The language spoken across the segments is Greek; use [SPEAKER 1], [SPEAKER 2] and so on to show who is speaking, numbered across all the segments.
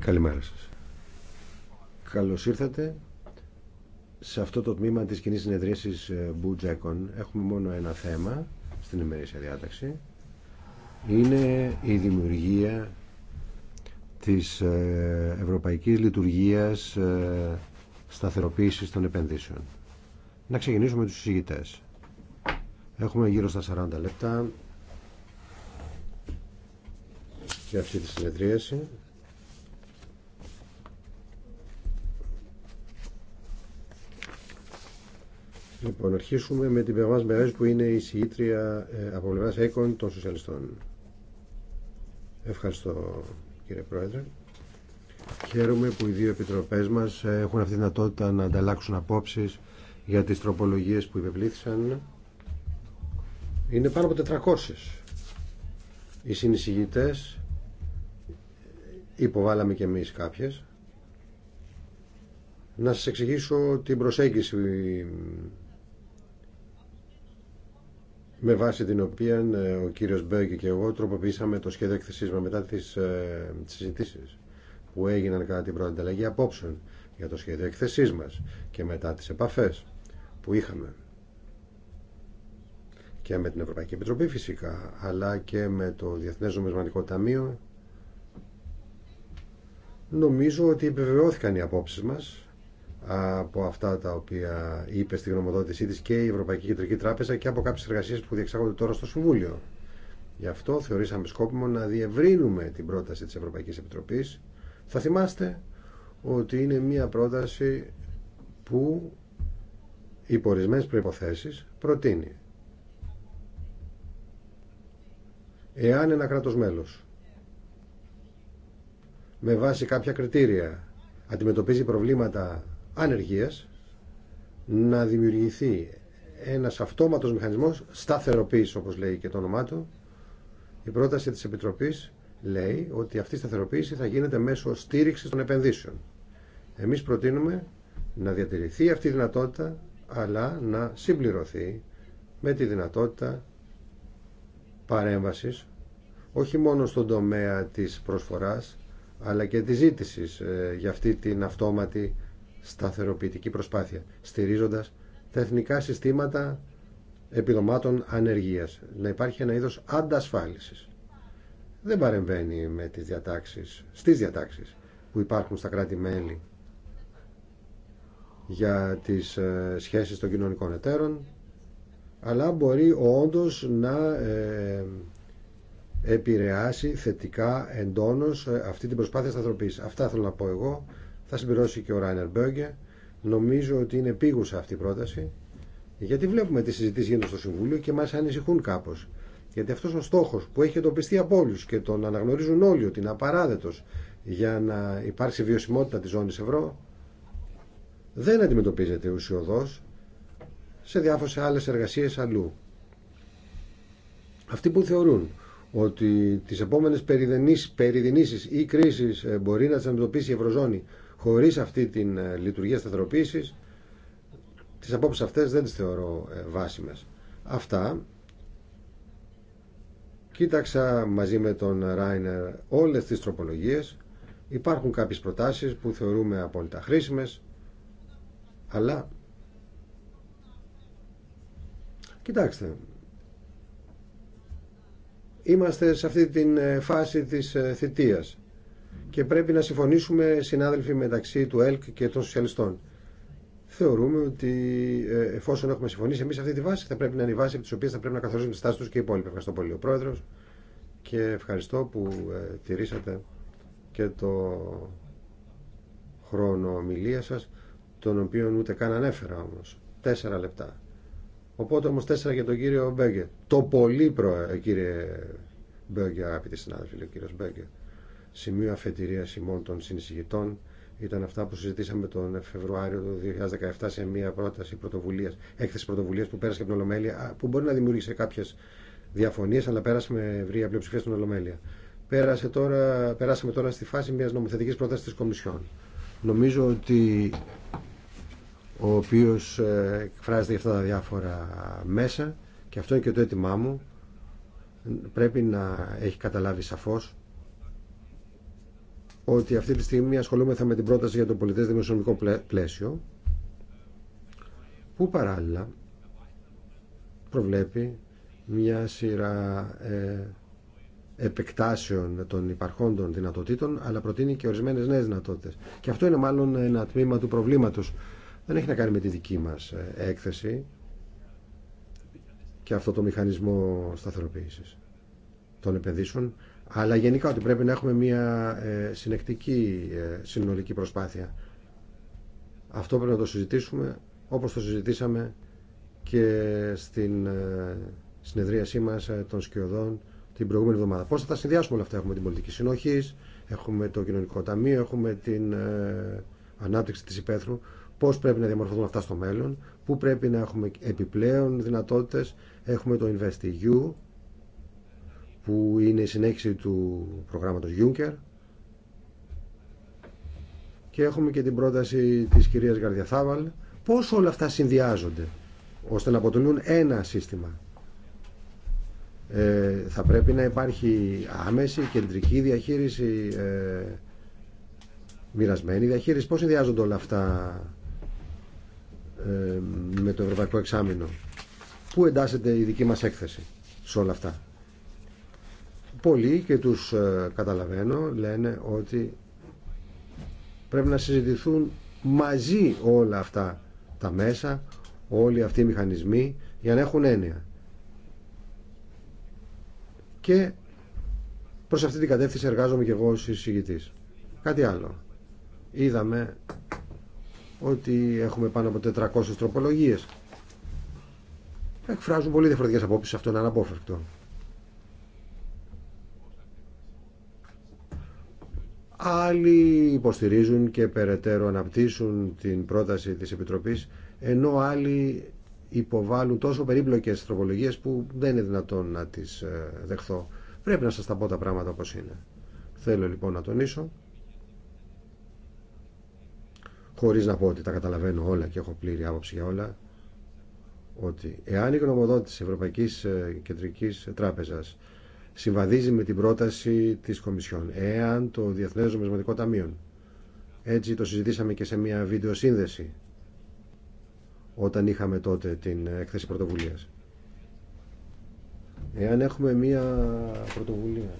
[SPEAKER 1] Καλημέρα σας. Καλώς ήρθατε σε αυτό το τμήμα της κοινής συνεδρίασης Μπουτζέκον. Ε, Έχουμε μόνο ένα θέμα στην ημερήσια διάταξη. Είναι η δημιουργία της ε, ευρωπαϊκής λειτουργίας ε, σταθεροποίησης των επενδύσεων. Να ξεκινήσουμε τους συζητητές. Έχουμε γύρω στα 40 λεπτά αυτή τη συνεδρίαση. Λοιπόν, αρχίσουμε με την Περβάς Μπερές που είναι η συγήτρια ε, από πλευράς έκον των σοσιαλιστών. Ευχαριστώ κύριε Πρόεδρε. Χαίρομαι που οι δύο επιτροπές μας ε, έχουν αυτή τη δυνατότητα να ανταλλάξουν απόψεις για τις τροπολογίες που υπευλήθησαν. Είναι πάνω από 400 οι συνεισηγητές υποβάλαμε και εμείς κάποιες. Να σας εξηγήσω την προσέγγιση με βάση την οποία ε, ο κύριος Μπέγκη και εγώ τροποποιήσαμε το σχέδιο εκθεσής μας μετά τις, ε, συζητήσεις που έγιναν κατά την πρώτη ανταλλαγή απόψεων για το σχέδιο εκθεσής μας και μετά τις επαφές που είχαμε και με την Ευρωπαϊκή Επιτροπή φυσικά αλλά και με το Διεθνές Νομισματικό Ταμείο Νομίζω ότι επιβεβαιώθηκαν οι απόψεις μας από αυτά τα οποία είπε στη γνωμοδότησή της και η Ευρωπαϊκή Κεντρική Τράπεζα και από κάποιες εργασίες που διεξάγονται τώρα στο Συμβούλιο. Γι' αυτό θεωρήσαμε σκόπιμο να διευρύνουμε την πρόταση της Ευρωπαϊκής Επιτροπής. Θα θυμάστε ότι είναι μια πρόταση που υπό ορισμένε προϋποθέσεις προτείνει εάν ένα κράτος μέλος με βάση κάποια κριτήρια αντιμετωπίζει προβλήματα ανεργίας να δημιουργηθεί ένας αυτόματος μηχανισμός σταθεροποίηση, όπως λέει και το όνομά του η πρόταση της Επιτροπής λέει ότι αυτή η σταθεροποίηση θα γίνεται μέσω στήριξης των επενδύσεων εμείς προτείνουμε να διατηρηθεί αυτή η δυνατότητα αλλά να συμπληρωθεί με τη δυνατότητα παρέμβασης όχι μόνο στον τομέα της προσφοράς αλλά και τις ζήτησης ε, για αυτή την αυτόματη σταθεροποιητική προσπάθεια, στηρίζοντας τα εθνικά συστήματα επιδομάτων ανεργίας. Να υπάρχει ένα είδος αντασφάλισης. Δεν παρεμβαίνει με τις διατάξεις, στις διατάξεις που υπάρχουν στα κράτη-μέλη για τις ε, σχέσεις των κοινωνικών εταίρων, αλλά μπορεί όντως να ε, επηρεάσει θετικά εντόνως ε, αυτή την προσπάθεια σταθροποίησης. Αυτά θέλω να πω εγώ. Θα συμπληρώσει και ο Ράινερ Μπέγκε. Νομίζω ότι είναι επίγουσα αυτή η πρόταση. Γιατί βλέπουμε τι συζητήσει γίνονται στο Συμβούλιο και μα ανησυχούν κάπω. Γιατί αυτό ο στόχο που έχει εντοπιστεί από όλου και τον αναγνωρίζουν όλοι ότι είναι απαράδεκτο για να υπάρξει βιωσιμότητα τη ζώνη ευρώ, δεν αντιμετωπίζεται ουσιοδό σε διάφορε άλλε εργασίε αλλού. Αυτοί που θεωρούν ότι τις επόμενες κρίσεις ε, μπορεί να ασφαλιστοποιηθεί ή κρίσεις μπορεί να τι αντιμετωπίσει η Ευρωζώνη χωρίς αυτή τη ε, λειτουργία σταθεροποίηση, τις απόψει αυτές δεν τι θεωρώ ε, βάσιμες. Αυτά κοίταξα μαζί με τον Ράινερ όλες τις τροπολογίες. Υπάρχουν κάποιες προτάσεις που θεωρούμε απόλυτα χρήσιμες, αλλά... Κοιτάξτε, Είμαστε σε αυτή τη ε, φάση της ε, θητείας και πρέπει να συμφωνήσουμε συνάδελφοι μεταξύ του ΕΛΚ και των σοσιαλιστών. Θεωρούμε ότι ε, εφόσον έχουμε συμφωνήσει εμεί αυτή τη βάση, θα πρέπει να είναι η βάση από τι οποίε θα πρέπει να καθορίζουν τη στάση τους και οι υπόλοιποι. Ευχαριστώ πολύ, ο Πρόεδρο, και ευχαριστώ που τηρήσατε και το χρόνο ομιλία σα, τον οποίο ούτε καν ανέφερα όμω. Τέσσερα λεπτά. Οπότε όμω τέσσερα για τον κύριο Μπέγκε. Το πολύ προ, ε, κύριε Μπέγκε, αγαπητοί συνάδελφοι, λέει ο κύριο Μπέγκε. Σημείο αφετηρία ημών των συνεισηγητών ήταν αυτά που συζητήσαμε τον Φεβρουάριο του 2017 σε μια πρόταση πρωτοβουλία, έκθεση πρωτοβουλία που πέρασε από την Ολομέλεια, που μπορεί να δημιούργησε κάποιε διαφωνίε, αλλά πέρασε με ευρία πλειοψηφία στην Ολομέλεια. Πέρασε τώρα, περάσαμε τώρα στη φάση μια νομοθετική πρόταση τη Κομισιόν. Νομίζω ότι ο οποίος ε, εκφράζεται για αυτά τα διάφορα μέσα και αυτό είναι και το αίτημά μου πρέπει να έχει καταλάβει σαφώς ότι αυτή τη στιγμή ασχολούμεθα με την πρόταση για το πολιτές δημοσιονομικό πλαίσιο που παράλληλα προβλέπει μια σειρά ε, επεκτάσεων των υπαρχόντων δυνατοτήτων αλλά προτείνει και ορισμένες νέες δυνατότητες και αυτό είναι μάλλον ένα τμήμα του προβλήματος δεν έχει να κάνει με τη δική μας ε, έκθεση και αυτό το μηχανισμό σταθεροποίησης των επενδύσεων, αλλά γενικά ότι πρέπει να έχουμε μια ε, συνεκτική ε, συνολική προσπάθεια. Αυτό πρέπει να το συζητήσουμε όπως το συζητήσαμε και στην συνεδρίασή μας των σκιωδών την προηγούμενη εβδομάδα. Πώς θα τα συνδυάσουμε όλα αυτά. Έχουμε την πολιτική συνοχή, έχουμε το κοινωνικό ταμείο, έχουμε την ανάπτυξη της υπαίθρου πώς πρέπει να διαμορφωθούν αυτά στο μέλλον, πού πρέπει να έχουμε επιπλέον δυνατότητες. Έχουμε το InvestEU, που είναι η συνέχιση του προγράμματος Juncker, και έχουμε και την πρόταση της κυρίας Γαρδιαθάβαλ, πώς όλα αυτά συνδυάζονται, ώστε να αποτελούν ένα σύστημα. Ε, θα πρέπει να υπάρχει άμεση, κεντρική διαχείριση, ε, μοιρασμένη διαχείριση. Πώς συνδυάζονται όλα αυτά ε, με το Ευρωπαϊκό Εξάμεινο. Πού εντάσσεται η δική μας έκθεση σε όλα αυτά. Πολλοί και τους ε, καταλαβαίνω λένε ότι πρέπει να συζητηθούν μαζί όλα αυτά τα μέσα, όλοι αυτοί οι μηχανισμοί για να έχουν έννοια. Και προς αυτή την κατεύθυνση εργάζομαι και εγώ ως Κάτι άλλο. Είδαμε ότι έχουμε πάνω από 400 τροπολογίες. Εκφράζουν πολύ διαφορετικές απόψεις, αυτό είναι αναπόφευκτο. Άλλοι υποστηρίζουν και περαιτέρω αναπτύσσουν την πρόταση της Επιτροπής, ενώ άλλοι υποβάλλουν τόσο περίπλοκες τροπολογίες που δεν είναι δυνατόν να τις ε, δεχθώ. Πρέπει να σας τα πω τα πράγματα όπως είναι. Θέλω λοιπόν να τονίσω Χωρί να πω ότι τα καταλαβαίνω όλα και έχω πλήρη άποψη για όλα, ότι εάν η γνωμοδότηση της Ευρωπαϊκής ε, Κεντρικής Τράπεζας συμβαδίζει με την πρόταση της Κομισιόν, εάν το Διεθνές Νομισματικό Ταμείο, έτσι το συζητήσαμε και σε μια βίντεο σύνδεση, όταν είχαμε τότε την έκθεση πρωτοβουλίας. Εάν έχουμε μια πρωτοβουλία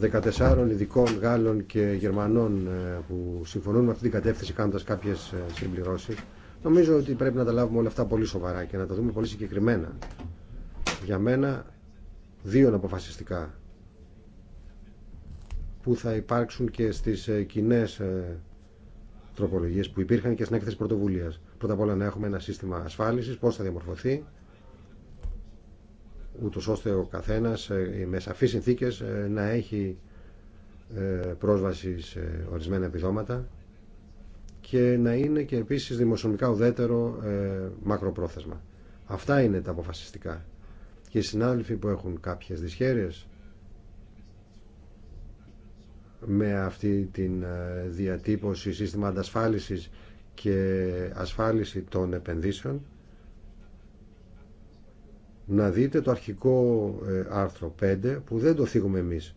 [SPEAKER 1] 14 ειδικών Γάλλων και Γερμανών ε, που συμφωνούν με αυτή την κατεύθυνση κάνοντας κάποιες ε, συμπληρώσεις νομίζω ότι πρέπει να τα λάβουμε όλα αυτά πολύ σοβαρά και να τα δούμε πολύ συγκεκριμένα για μένα δύο αποφασιστικά που θα υπάρξουν και στις ε, κοινέ τροπολογίες που υπήρχαν και στην έκθεση πρωτοβουλίας πρώτα απ' όλα να έχουμε ένα σύστημα ασφάλισης πώς θα διαμορφωθεί ούτως ώστε ο καθένα ε, με σαφεί συνθήκε ε, να έχει ε, πρόσβαση σε ορισμένα επιδόματα και να είναι και επίσης δημοσιονομικά ουδέτερο μακροπρόθεσμα. Αυτά είναι τα αποφασιστικά. Και οι συνάδελφοι που έχουν κάποιες δυσχέρειες με αυτή την διατύπωση σύστημα αντασφάλισης και ασφάλιση των επενδύσεων να δείτε το αρχικό ε, άρθρο 5 που δεν το θίγουμε εμείς.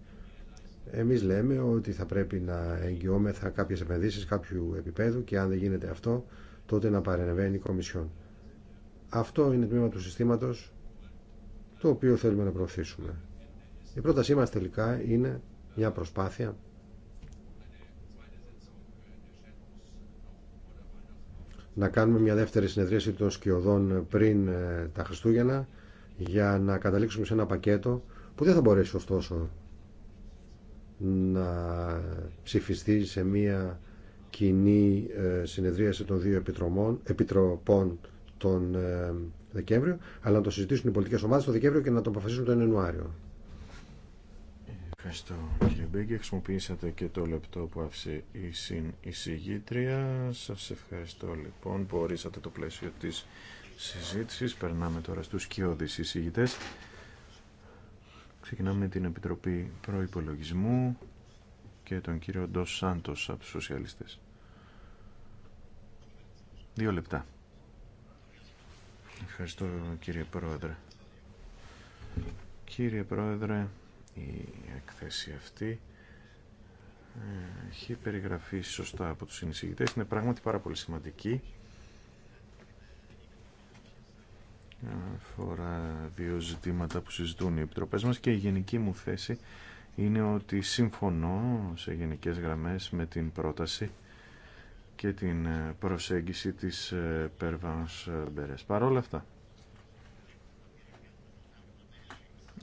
[SPEAKER 1] Εμείς λέμε ότι θα πρέπει να εγγυόμεθα κάποιες επενδύσεις κάποιου επίπεδου και αν δεν γίνεται αυτό τότε να παρενεβαίνει η Κομισιόν. Αυτό είναι το τμήμα του συστήματος το οποίο θέλουμε να προωθήσουμε. Η πρότασή μας τελικά είναι μια προσπάθεια να κάνουμε μια δεύτερη συνεδρίαση των σκιωδών πριν ε, τα Χριστούγεννα για να καταλήξουμε σε ένα πακέτο που δεν θα μπορέσει ωστόσο να ψηφιστεί σε μια κοινή ε, συνεδρίαση των δύο επιτροπών τον ε, Δεκέμβριο, αλλά να το συζητήσουν οι πολιτικές ομάδες τον Δεκέμβριο και να το αποφασίσουν τον Ιανουάριο.
[SPEAKER 2] Ευχαριστώ κύριε Μπέγκη. Χρησιμοποιήσατε και το λεπτό που άφησε η συνεισηγήτρια. Σας ευχαριστώ λοιπόν που ορίσατε το πλαίσιο της συζήτησης. Περνάμε τώρα στους οι εισηγητές. Ξεκινάμε με την Επιτροπή Προϋπολογισμού και τον κύριο Ντό Σάντος από τους Σοσιαλιστές. Δύο λεπτά. Ευχαριστώ κύριε Πρόεδρε. Κύριε Πρόεδρε, η εκθέση αυτή ε, έχει περιγραφεί σωστά από τους συνεισηγητές. Είναι πράγματι πάρα πολύ σημαντική αφορά δύο ζητήματα που συζητούν οι επιτροπές μας και η γενική μου θέση είναι ότι συμφωνώ σε γενικές γραμμές με την πρόταση και την ε, προσέγγιση της Περβάνς Μπερές. Παρ' αυτά,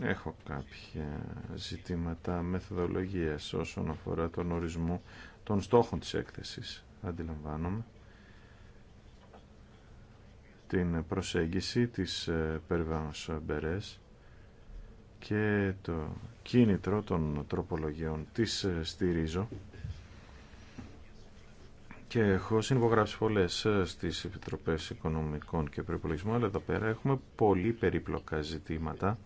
[SPEAKER 2] έχω κάποια ζητήματα μεθοδολογίας όσον αφορά τον ορισμό των στόχων της έκθεσης, αντιλαμβάνομαι την προσέγγιση της Περβάνος Μπερές και το κίνητρο των τροπολογιών της ε, στηρίζω και έχω συνυπογράψει πολλές ε, στις Επιτροπές Οικονομικών και Προϋπολογισμού αλλά εδώ πέρα έχουμε πολύ περίπλοκα ζητήματα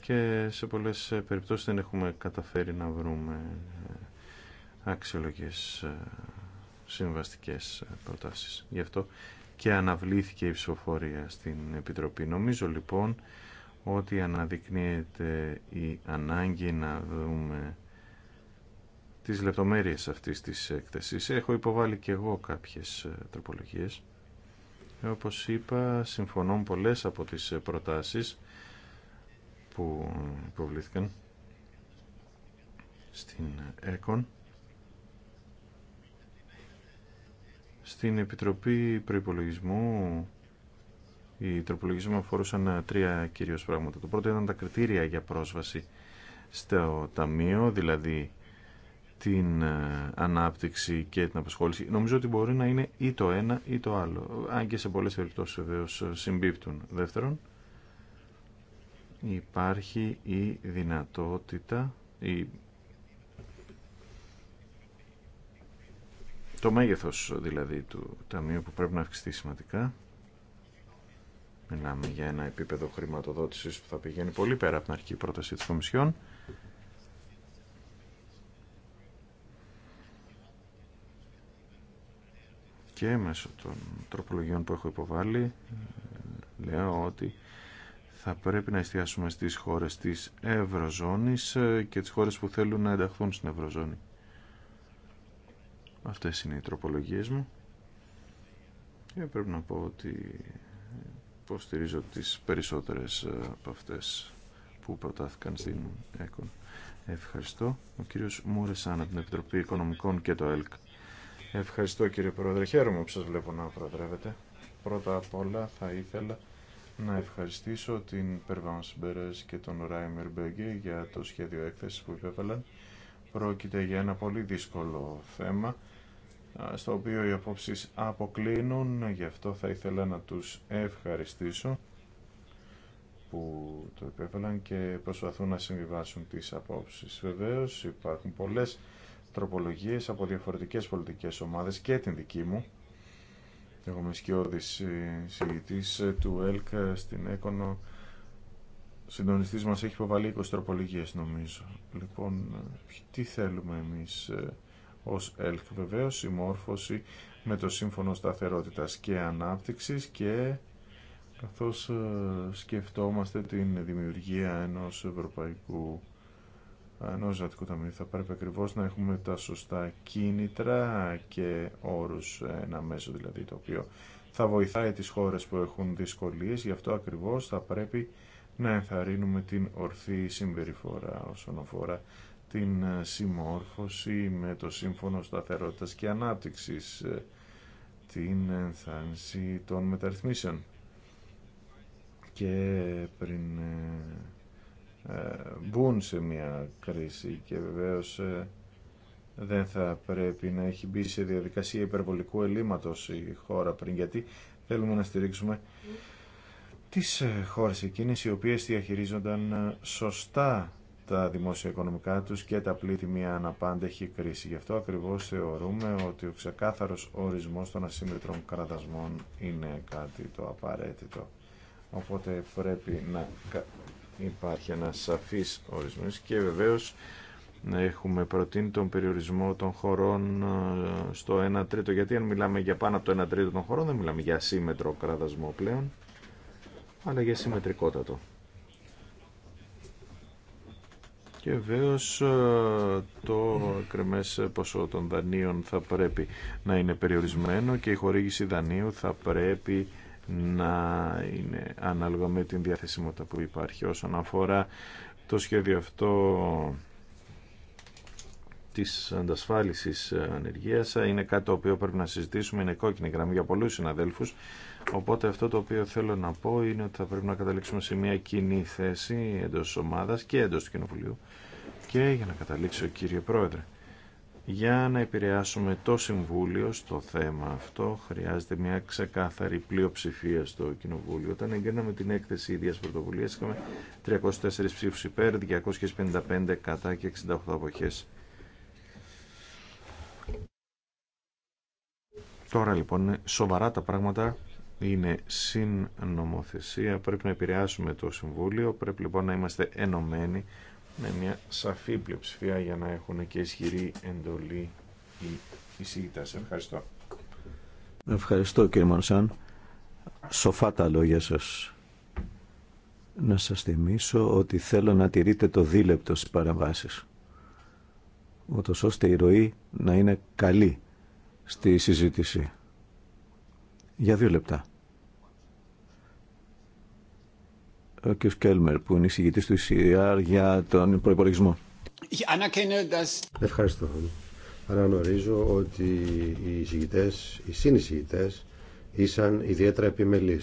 [SPEAKER 2] και σε πολλές ε, περιπτώσεις δεν έχουμε καταφέρει να βρούμε αξιολογικές ε, συμβαστικές ε, προτάσεις. Γι' αυτό και αναβλήθηκε η ψηφοφορία στην Επιτροπή. Νομίζω λοιπόν ότι αναδεικνύεται η ανάγκη να δούμε τις λεπτομέρειες αυτής της έκθεσης. Έχω υποβάλει και εγώ κάποιες ε, τροπολογίες. Όπως είπα, συμφωνώ με πολλές από τις προτάσεις που υποβλήθηκαν στην ΕΚΟΝ Στην Επιτροπή Προϋπολογισμού οι τροπολογισμοί αφορούσαν ε, τρία κυρίως πράγματα. Το πρώτο ήταν τα κριτήρια για πρόσβαση στο Ταμείο, δηλαδή την ε, ανάπτυξη και την απασχόληση. Νομίζω ότι μπορεί να είναι ή το ένα ή το άλλο, αν και σε πολλές περιπτώσεις βεβαίω ε, συμπίπτουν. Δεύτερον, υπάρχει η δυνατότητα, η το μέγεθος δηλαδή του ταμείου που πρέπει να αυξηθεί σημαντικά. Μιλάμε για ένα επίπεδο χρηματοδότησης που θα πηγαίνει πολύ πέρα από την αρχική πρόταση της Κομισιόν. Και μέσω των τροπολογιών που έχω υποβάλει ε, λέω ότι θα πρέπει να εστιάσουμε στις χώρες της Ευρωζώνης ε, και τις χώρες που θέλουν να ενταχθούν στην Ευρωζώνη. Αυτές είναι οι τροπολογίες μου. Και ε, πρέπει να πω ότι υποστηρίζω τις περισσότερες ε, από αυτές που προτάθηκαν στην ΕΚΟΝ. Ευχαριστώ. Ο κύριος Μούρεσαν από την Επιτροπή Οικονομικών και το ΕΛΚ. Ευχαριστώ κύριε Πρόεδρε. Χαίρομαι που σας βλέπω να προεδρεύετε. Πρώτα απ' όλα θα ήθελα να ευχαριστήσω την Περβάνς και τον Ράιμερ Μπέγκε για το σχέδιο έκθεσης που υπέβαλαν. Πρόκειται για ένα πολύ δύσκολο θέμα στο οποίο οι απόψει αποκλίνουν, γι' αυτό θα ήθελα να τους ευχαριστήσω που το επέβαλαν και προσπαθούν να συμβιβάσουν τις απόψεις. Βεβαίως υπάρχουν πολλές τροπολογίες από διαφορετικές πολιτικές ομάδες και την δική μου. Εγώ είμαι σκιώδης ε, συγητής ε, του ΕΛΚ ε, στην Έκονο. Συντονιστής μας έχει υποβαλεί 20 τροπολογίες νομίζω. Λοιπόν, τι θέλουμε εμείς ως ΕΛΚ βεβαίως συμμόρφωση με το Σύμφωνο Σταθερότητας και Ανάπτυξης και καθώς ε, σκεφτόμαστε την δημιουργία ενός Ευρωπαϊκού ενός Ζατικού Ταμείου θα πρέπει ακριβώ να έχουμε τα σωστά κίνητρα και όρους ένα μέσο δηλαδή το οποίο θα βοηθάει τις χώρες που έχουν δυσκολίες γι' αυτό ακριβώς θα πρέπει να ενθαρρύνουμε την ορθή συμπεριφορά όσον αφορά την ε, συμμόρφωση με το Σύμφωνο Σταθερότητας και Ανάπτυξης, ε, την ενθάνση των μεταρρυθμίσεων. Και πριν ε, μπουν σε μια κρίση και βεβαίως δεν θα πρέπει να έχει μπει σε διαδικασία υπερβολικού ελλείμματος η χώρα πριν γιατί θέλουμε να στηρίξουμε τις χώρες εκείνες οι οποίες διαχειρίζονταν σωστά τα δημόσια οικονομικά τους και τα πλήτη μια αναπάντεχη κρίση. Γι' αυτό ακριβώς θεωρούμε ότι ο ξεκάθαρος ορισμός των ασύμμετρων κραδασμών είναι κάτι το απαραίτητο. Οπότε πρέπει να υπάρχει ένα σαφής ορισμός και βεβαίως έχουμε προτείνει τον περιορισμό των χωρών ε, στο 1 τρίτο γιατί αν μιλάμε για πάνω από το 1 τρίτο των χωρών δεν μιλάμε για ασύμμετρο κραδασμό πλέον αλλά για συμμετρικότατο. Και βεβαίω ε, το κρεμές ποσό των δανείων θα πρέπει να είναι περιορισμένο και η χορήγηση δανείου θα πρέπει να είναι ανάλογα με την διαθεσιμότητα που υπάρχει όσον αφορά το σχέδιο αυτό της αντασφάλισης ανεργίας είναι κάτι το οποίο πρέπει να συζητήσουμε είναι κόκκινη γραμμή για πολλούς συναδέλφους Οπότε αυτό το οποίο θέλω να πω είναι ότι θα πρέπει να καταλήξουμε σε μια κοινή θέση εντός της ομάδας και εντός του Κοινοβουλίου και για να καταλήξω κύριε Πρόεδρε. Για να επηρεάσουμε το Συμβούλιο στο θέμα αυτό χρειάζεται μια ξεκάθαρη πλειοψηφία στο Κοινοβούλιο. Όταν εγκρίναμε την έκθεση ίδιας πρωτοβουλίας είχαμε 304 ψήφους υπέρ, 255 κατά και 68 αποχές. Τώρα λοιπόν σοβαρά τα πράγματα είναι συνομοθεσία πρέπει να επηρεάσουμε το Συμβούλιο πρέπει λοιπόν να είμαστε ενωμένοι με μια σαφή πλειοψηφία για να έχουν και ισχυρή εντολή οι Σε Ευχαριστώ.
[SPEAKER 3] Ευχαριστώ κύριε Μανσάν. Σοφά τα λόγια σας. Να σας θυμίσω ότι θέλω να τηρείτε το δίλεπτο στις παραβάσεις. Ότως ώστε η ροή να είναι καλή στη συζήτηση για δύο λεπτά. Ο κ. Κέλμερ, που είναι εισηγητή του ECR για τον προπολογισμό.
[SPEAKER 1] Ευχαριστώ. Αναγνωρίζω ότι οι εισηγητέ, οι συνεισηγητέ, ήσαν ιδιαίτερα επιμελεί.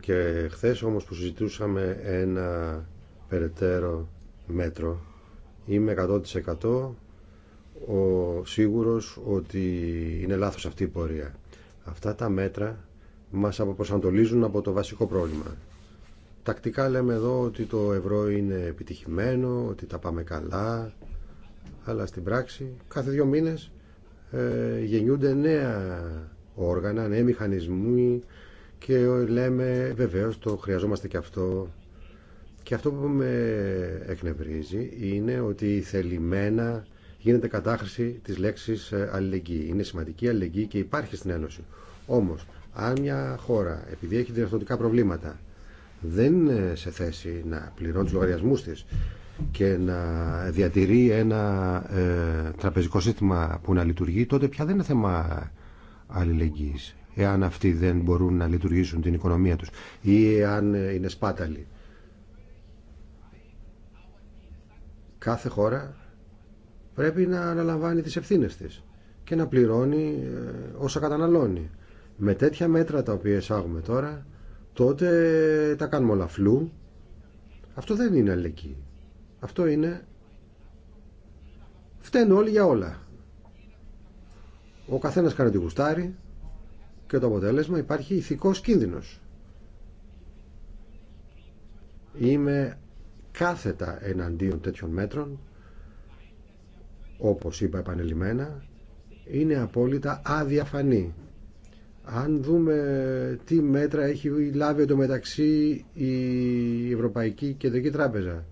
[SPEAKER 1] Και χθε όμως που συζητούσαμε ένα περαιτέρω μέτρο, είμαι 100% ο σίγουρος ότι είναι λάθος αυτή η πορεία. Αυτά τα μέτρα μας αποπροσανατολίζουν από το βασικό πρόβλημα. Τακτικά λέμε εδώ ότι το ευρώ είναι επιτυχημένο, ότι τα πάμε καλά, αλλά στην πράξη κάθε δύο μήνες ε, γεννιούνται νέα όργανα, νέοι μηχανισμοί και λέμε βεβαίως το χρειαζόμαστε και αυτό. Και αυτό που με εκνευρίζει είναι ότι θελημένα γίνεται κατάχρηση της λέξης ε, αλληλεγγύη. Είναι σημαντική αλληλεγγύη και υπάρχει στην Ένωση. Όμω, αν μια χώρα, επειδή έχει διευθυντικά προβλήματα, δεν είναι σε θέση να πληρώνει του λογαριασμού τη και να διατηρεί ένα ε, τραπεζικό σύστημα που να λειτουργεί, τότε πια δεν είναι θέμα αλληλεγγύη, Εάν αυτοί δεν μπορούν να λειτουργήσουν την οικονομία του ή εάν ε, είναι σπάταλοι. Κάθε χώρα πρέπει να αναλαμβάνει τις ευθύνες της και να πληρώνει ε, όσα καταναλώνει. Με τέτοια μέτρα τα οποία εισάγουμε τώρα, τότε τα κάνουμε όλα φλού. Αυτό δεν είναι αλληλεγγύη. Αυτό είναι φταίνουν όλοι για όλα. Ο καθένας κάνει τη γουστάρει και το αποτέλεσμα υπάρχει ηθικός κίνδυνος. Είμαι κάθετα εναντίον τέτοιων μέτρων όπως είπα επανελειμμένα, είναι απόλυτα αδιαφανή. Αν δούμε τι μέτρα έχει λάβει το μεταξύ η Ευρωπαϊκή Κεντρική Τράπεζα,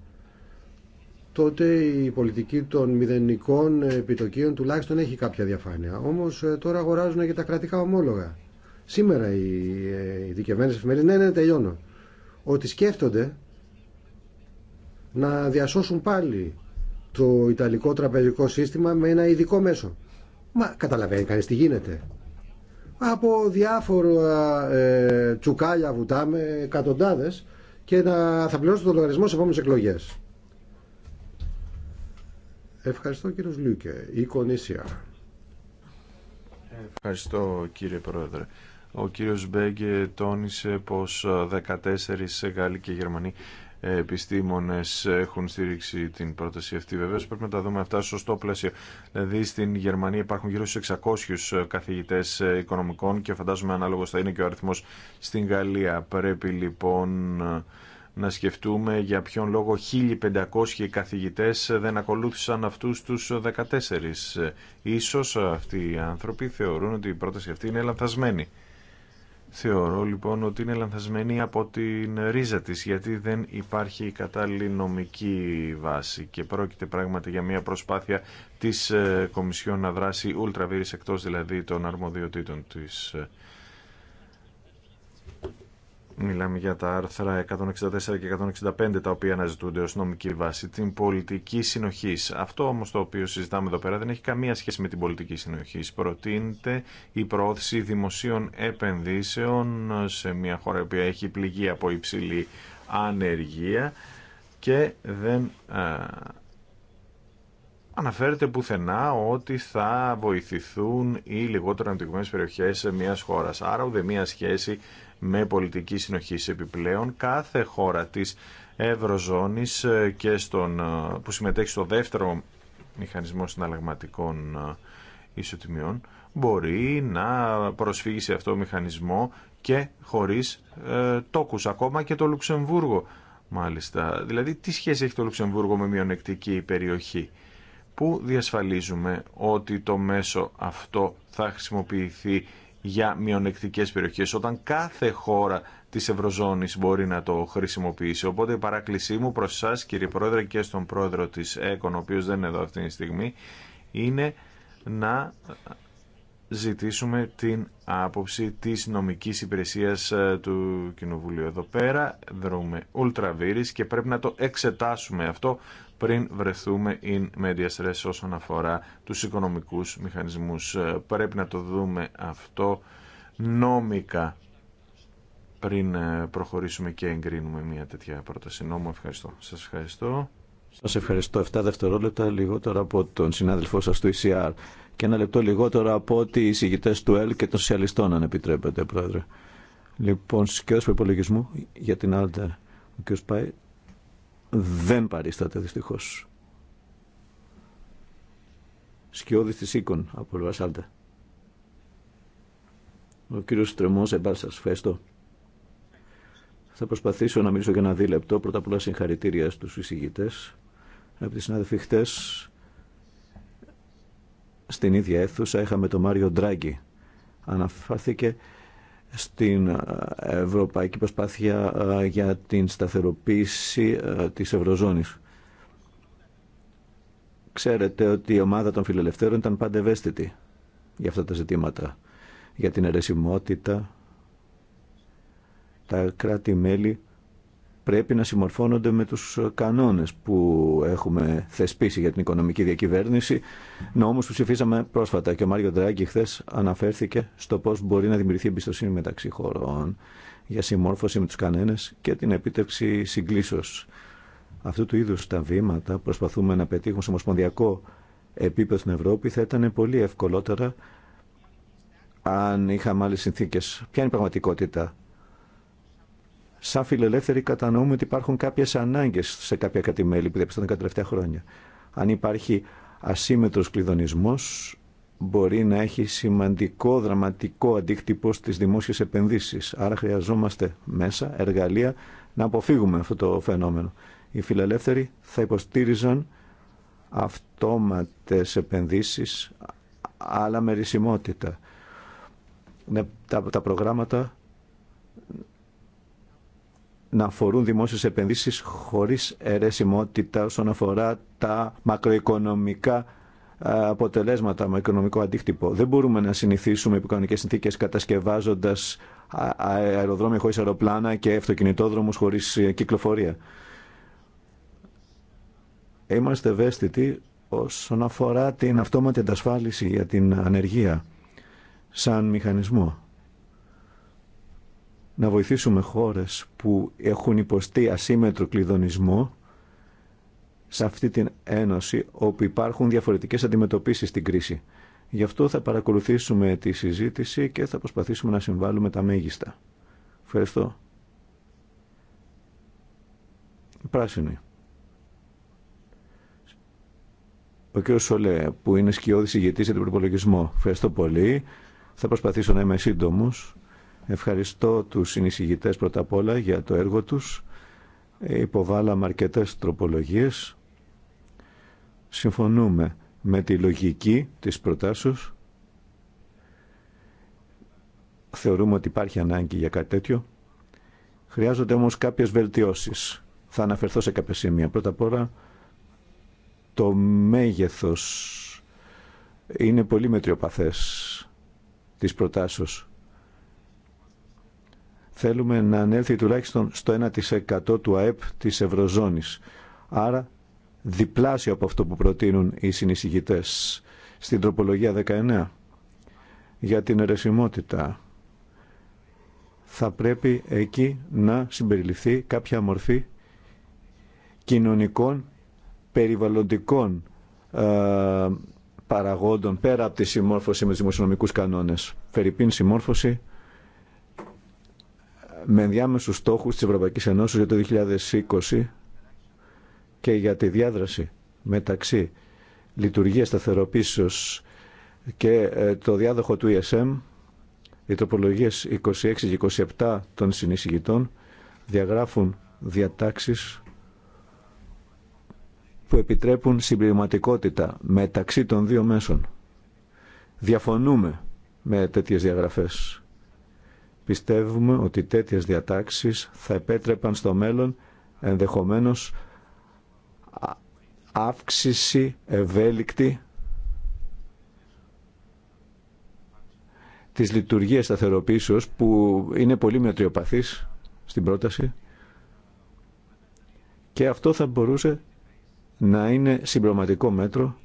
[SPEAKER 1] τότε η πολιτική των μηδενικών επιτοκίων τουλάχιστον έχει κάποια διαφάνεια. Όμως ε, τώρα αγοράζουν και τα κρατικά ομόλογα. Σήμερα οι ε, δικαιωμένες εφημερίδες, ναι, ναι, τελειώνω, ότι σκέφτονται να διασώσουν πάλι το Ιταλικό τραπεζικό σύστημα με ένα ειδικό μέσο. Μα καταλαβαίνει κανείς τι γίνεται. Από διάφορα ε, τσουκάλια βουτάμε εκατοντάδες και να, θα πληρώσω το λογαριασμό σε επόμενες εκλογές. Ευχαριστώ κύριος Λούκε. Η Κονίσια.
[SPEAKER 2] Ευχαριστώ κύριε Πρόεδρε. Ο κύριος Μπέγκε τόνισε πως 14 Γάλλοι και Γερμανοί επιστήμονες έχουν στήριξει την πρόταση αυτή. Βεβαίως πρέπει να τα δούμε αυτά στο σωστό πλαίσιο. Δηλαδή στην Γερμανία υπάρχουν γύρω στους 600 καθηγητές οικονομικών και φαντάζομαι ανάλογος θα είναι και ο αριθμός στην Γαλλία. Πρέπει λοιπόν να σκεφτούμε για ποιον λόγο 1500 καθηγητές δεν ακολούθησαν αυτούς τους 14. Ίσως αυτοί οι άνθρωποι θεωρούν ότι η πρόταση αυτή είναι λανθασμένη. Θεωρώ λοιπόν ότι είναι λανθασμένη από την ρίζα της γιατί δεν υπάρχει κατάλληλη νομική βάση και πρόκειται πράγματι για μια προσπάθεια της ε, Κομισιόν να δράσει ούλτρα εκτός δηλαδή των αρμοδιοτήτων της ε, Μιλάμε για τα άρθρα 164 και 165 τα οποία αναζητούνται ως νομική βάση, την πολιτική συνοχή. Αυτό όμως το οποίο συζητάμε εδώ πέρα δεν έχει καμία σχέση με την πολιτική συνοχή. Προτείνεται η προώθηση δημοσίων επενδύσεων σε μια χώρα η οποία έχει πληγεί από υψηλή ανεργία και δεν αναφέρεται πουθενά ότι θα βοηθηθούν οι λιγότερο αναπτυγμένες περιοχές μιας χώρας. Άρα ούτε μία σχέση με πολιτική συνοχή επιπλέον κάθε χώρα της Ευρωζώνης ε, και στον, ε, που συμμετέχει στο δεύτερο μηχανισμό συναλλαγματικών ε, ισοτιμιών μπορεί να προσφύγει σε αυτό το μηχανισμό και χωρίς ε, τόκους ακόμα και το Λουξεμβούργο μάλιστα. Δηλαδή τι σχέση έχει το Λουξεμβούργο με μειονεκτική περιοχή που διασφαλίζουμε ότι το μέσο αυτό θα χρησιμοποιηθεί για μειονεκτικές περιοχές όταν κάθε χώρα της Ευρωζώνης μπορεί να το χρησιμοποιήσει. Οπότε η παράκλησή μου προς εσάς κύριε Πρόεδρε και στον Πρόεδρο της ΕΚΟΝ ο οποίος δεν είναι εδώ αυτή τη στιγμή είναι να ζητήσουμε την άποψη της νομικής υπηρεσίας ε, του Κοινοβουλίου. Εδώ πέρα δρούμε ουλτραβύρης και πρέπει να το εξετάσουμε αυτό πριν βρεθούμε in medias res όσον αφορά τους οικονομικούς μηχανισμούς. Ε, πρέπει να το δούμε αυτό νόμικα πριν ε, προχωρήσουμε και εγκρίνουμε μια τέτοια πρόταση νόμου. Ευχαριστώ. Σας ευχαριστώ.
[SPEAKER 3] Σας ευχαριστώ. 7 δευτερόλεπτα λιγότερα από τον συνάδελφό σας του ECR και ένα λεπτό λιγότερο από ό,τι οι συγητές του ΕΛ και των σοσιαλιστών, αν επιτρέπετε, Πρόεδρε. Λοιπόν, σκέδος υπολογισμού για την ΑΛΤΑ ο κ. Πάιτ δεν παρίσταται δυστυχώς. Σκιώδης τη Ίκων από Λουασάντα. Ο κύριο Τρεμό, εμπάρ σας, Θα προσπαθήσω να μιλήσω για ένα δίλεπτο. Πρώτα απ' όλα συγχαρητήρια στους εισηγητέ. Από τις συνάδελφοι χτε στην ίδια αίθουσα είχαμε τον Μάριο Ντράγκη. Αναφάθηκε στην ε, ευρωπαϊκή προσπάθεια ε, για την σταθεροποίηση ε, της Ευρωζώνης. Ξέρετε ότι η ομάδα των φιλελευθέρων ήταν πάντα ευαίσθητη για αυτά τα ζητήματα, για την αιρεσιμότητα, τα κράτη-μέλη πρέπει να συμμορφώνονται με τους ε, κανόνες που έχουμε θεσπίσει για την οικονομική διακυβέρνηση. Νόμους που ψηφίσαμε πρόσφατα και ο Μάριο Ντράγκη χθε αναφέρθηκε στο πώς μπορεί να δημιουργηθεί εμπιστοσύνη μεταξύ χωρών για συμμόρφωση με τους κανένες και την επίτευξη συγκλήσεως. Αυτού του είδους τα βήματα προσπαθούμε να πετύχουμε σε ομοσπονδιακό επίπεδο στην Ευρώπη θα ήταν πολύ ευκολότερα αν είχαμε άλλε συνθήκε. Ποια είναι η πραγματικότητα σαν φιλελεύθεροι κατανοούμε ότι υπάρχουν κάποιες ανάγκες σε κάποια κατημέλη που διαπιστώνουν τα τελευταία χρόνια. Αν υπάρχει ασύμετρο κλειδονισμό, μπορεί να έχει σημαντικό δραματικό αντίκτυπο στις δημόσιες επενδύσεις. Άρα χρειαζόμαστε μέσα, εργαλεία, να αποφύγουμε αυτό το φαινόμενο. Οι φιλελεύθεροι θα υποστήριζαν αυτόματες επενδύσεις, αλλά με ρησιμότητα. Ναι, τα, τα προγράμματα να αφορούν δημόσιε επενδύσεις χωρίς αιρεσιμότητα όσον αφορά τα μακροοικονομικά ε, αποτελέσματα, μακροοικονομικό αντίκτυπο. Δεν μπορούμε να συνηθίσουμε επικοινωνικές συνθήκε κατασκευάζοντας αεροδρόμια χωρί αεροπλάνα και αυτοκινητόδρομους χωρίς ε, κυκλοφορία. Είμαστε ευαίσθητοι όσον αφορά την αυτόματη αντασφάλιση για την ανεργία σαν μηχανισμό να βοηθήσουμε χώρες που έχουν υποστεί ασύμετρο κλειδονισμό σε αυτή την ένωση όπου υπάρχουν διαφορετικές αντιμετωπίσεις στην κρίση. Γι' αυτό θα παρακολουθήσουμε τη συζήτηση και θα προσπαθήσουμε να συμβάλλουμε τα μέγιστα. Ευχαριστώ. Πράσινη. Ο κ. Σολέ, που είναι σκιώδης ηγετής για τον προπολογισμό. Ευχαριστώ πολύ. Θα προσπαθήσω να είμαι σύντομος. Ευχαριστώ τους συνεισηγητές πρώτα απ' όλα για το έργο τους. Υποβάλαμε αρκετές τροπολογίες. Συμφωνούμε με τη λογική της προτάσεως. Θεωρούμε ότι υπάρχει ανάγκη για κάτι τέτοιο. Χρειάζονται όμως κάποιες βελτιώσεις. Θα αναφερθώ σε κάποια σημεία. Πρώτα απ' όλα το μέγεθος είναι πολύ μετριοπαθές της προτάσεως θέλουμε να ανέλθει τουλάχιστον στο 1% του ΑΕΠ της Ευρωζώνης. Άρα διπλάσιο από αυτό που προτείνουν οι συνεισηγητές. Στην τροπολογία 19 για την ερεσιμότητα θα πρέπει εκεί να συμπεριληφθεί κάποια μορφή κοινωνικών περιβαλλοντικών ε, παραγόντων πέρα από τη συμμόρφωση με τους δημοσιονομικούς κανόνες. Φερρυπίν συμμόρφωση με ενδιάμεσους στόχους της Ευρωπαϊκής Ενώσης για το 2020 και για τη διάδραση μεταξύ λειτουργίας σταθεροποίησεως και ε, το διάδοχο του ESM, οι τροπολογίες 26 και 27 των συνεισηγητών διαγράφουν διατάξεις που επιτρέπουν συμπληρωματικότητα μεταξύ των δύο μέσων. Διαφωνούμε με τέτοιες διαγραφές. Πιστεύουμε ότι τέτοιες διατάξεις θα επέτρεπαν στο μέλλον ενδεχομένως αύξηση ευέλικτη της λειτουργίας σταθεροποίησεως που είναι πολύ μετριοπαθής στην πρόταση και αυτό θα μπορούσε να είναι συμπροματικό μέτρο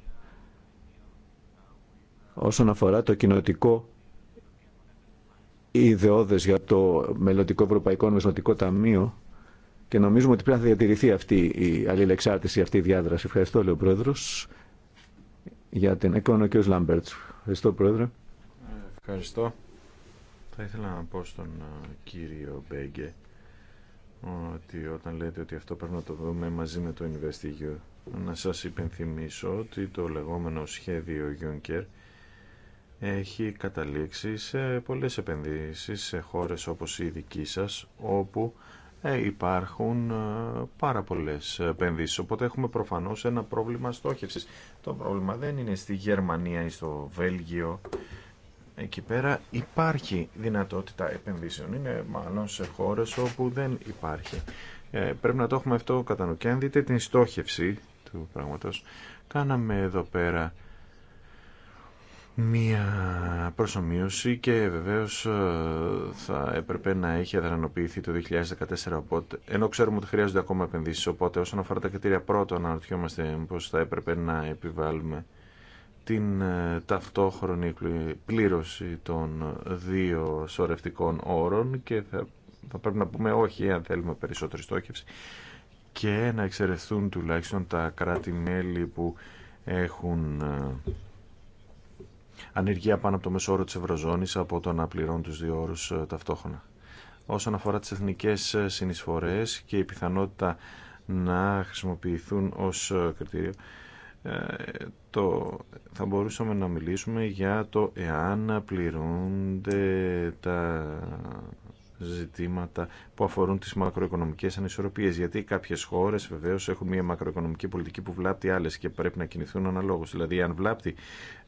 [SPEAKER 3] όσον αφορά το κοινοτικό οι ιδεώδες για το μελλοντικό Ευρωπαϊκό Νομισματικό Ταμείο και νομίζουμε ότι πρέπει να διατηρηθεί αυτή η αλληλεξάρτηση, αυτή η διάδραση. Ευχαριστώ, λέει ο Πρόεδρος, για την εικόνα και ο Λάμπερτ. Ευχαριστώ, Πρόεδρε.
[SPEAKER 2] Ευχαριστώ. Θα ήθελα να πω στον ε, κύριο Μπέγκε ότι όταν λέτε ότι αυτό πρέπει να το δούμε μαζί με το InvestEU να σας υπενθυμίσω ότι το λεγόμενο σχέδιο Juncker έχει καταλήξει σε πολλές επενδύσεις σε χώρες όπως η δική σας όπου ε, υπάρχουν ε, πάρα πολλές επενδύσεις οπότε έχουμε προφανώς ένα πρόβλημα στόχευσης το πρόβλημα δεν είναι στη Γερμανία ή στο Βέλγιο εκεί πέρα υπάρχει δυνατότητα επενδύσεων είναι μάλλον σε χώρες όπου δεν υπάρχει ε, πρέπει να το έχουμε αυτό κατά και αν δείτε την στόχευση του πράγματος κάναμε εδώ πέρα μία προσωμείωση και βεβαίως ε, θα έπρεπε να έχει αδρανοποιηθεί το 2014 οπότε, ενώ ξέρουμε ότι χρειάζονται ακόμα επενδύσεις οπότε όσον αφορά τα κριτήρια πρώτο αναρωτιόμαστε πως θα έπρεπε να επιβάλλουμε την ε, ταυτόχρονη πλήρωση των δύο σωρευτικών όρων και θα, θα πρέπει να πούμε όχι αν θέλουμε περισσότερη στόχευση και να εξαιρεθούν τουλάχιστον τα κράτη-μέλη που έχουν ε, ανεργία πάνω από το μεσόρο της Ευρωζώνης από το να πληρώνουν τους δύο όρους ε, ταυτόχρονα. Όσον αφορά τις εθνικές ε, συνεισφορές και η πιθανότητα να χρησιμοποιηθούν ως ε, κριτήριο, το, θα μπορούσαμε να μιλήσουμε για το εάν πληρούνται τα ζητήματα που αφορούν τις μακροοικονομικές ανισορροπίες γιατί κάποιες χώρες βεβαίως έχουν μια μακροοικονομική πολιτική που βλάπτει άλλες και πρέπει να κινηθούν αναλόγως δηλαδή αν βλάπτει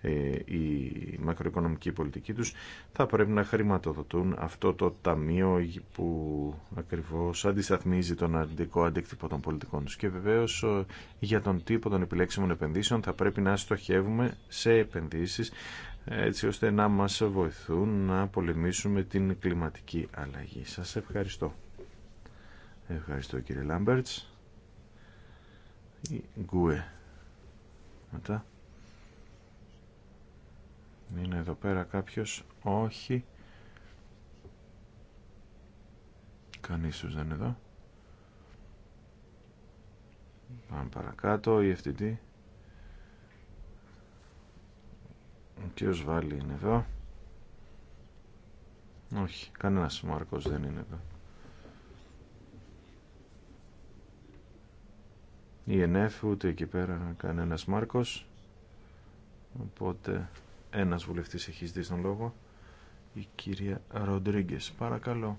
[SPEAKER 2] ε, η μακροοικονομική πολιτική τους θα πρέπει να χρηματοδοτούν αυτό το ταμείο που ακριβώς αντισταθμίζει τον αρνητικό αντίκτυπο των πολιτικών τους και βεβαίως ε, για τον τύπο των επιλέξιμων επενδύσεων θα πρέπει να στοχεύουμε σε επενδύσεις έτσι ώστε να μας βοηθούν να πολεμήσουμε την κλιματική αλλαγή. Σας ευχαριστώ. Ευχαριστώ κύριε Λάμπερτς. Η Γκουε. Μετά. Είναι εδώ πέρα κάποιος. Όχι. Κανείς τους δεν είναι εδώ. Πάμε παρακάτω. Η FTD. Ο βάλει είναι εδώ. Όχι, κανένας Μάρκος δεν είναι εδώ. Η ΕΝΕΦ ούτε εκεί πέρα κανένας Μάρκος. Οπότε ένας βουλευτής έχει ζητήσει τον λόγο. Η κυρία Ροντρίγκε, παρακαλώ.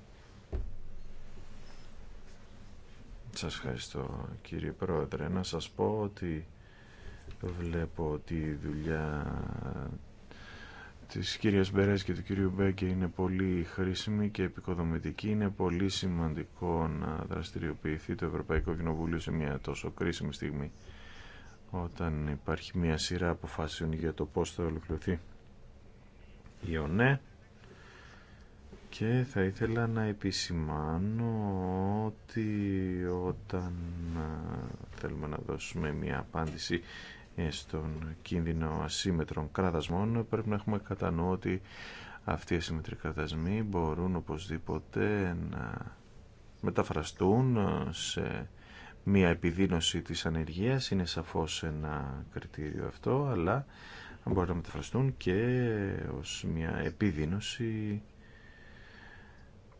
[SPEAKER 2] Σας ευχαριστώ κύριε Πρόεδρε. Να σας πω ότι βλέπω ότι η δουλειά της κυρίας Μπερές και του κυρίου Μπέκε είναι πολύ χρήσιμη και επικοδομητική. Είναι πολύ σημαντικό να δραστηριοποιηθεί το Ευρωπαϊκό Κοινοβούλιο σε μια τόσο κρίσιμη στιγμή όταν υπάρχει μια σειρά αποφάσεων για το πώς θα ολοκληρωθεί η ΟΝΕ και θα ήθελα να επισημάνω ότι όταν ε, θέλουμε να δώσουμε μια απάντηση ε, στον κίνδυνο ασύμετρων κραδασμών πρέπει να έχουμε κατά νου ότι αυτοί οι ασύμετροι κραδασμοί μπορούν οπωσδήποτε να μεταφραστούν ε, σε μια επιδείνωση της ανεργίας είναι σαφώς ένα κριτήριο αυτό αλλά μπορεί να μεταφραστούν και ως μια επιδείνωση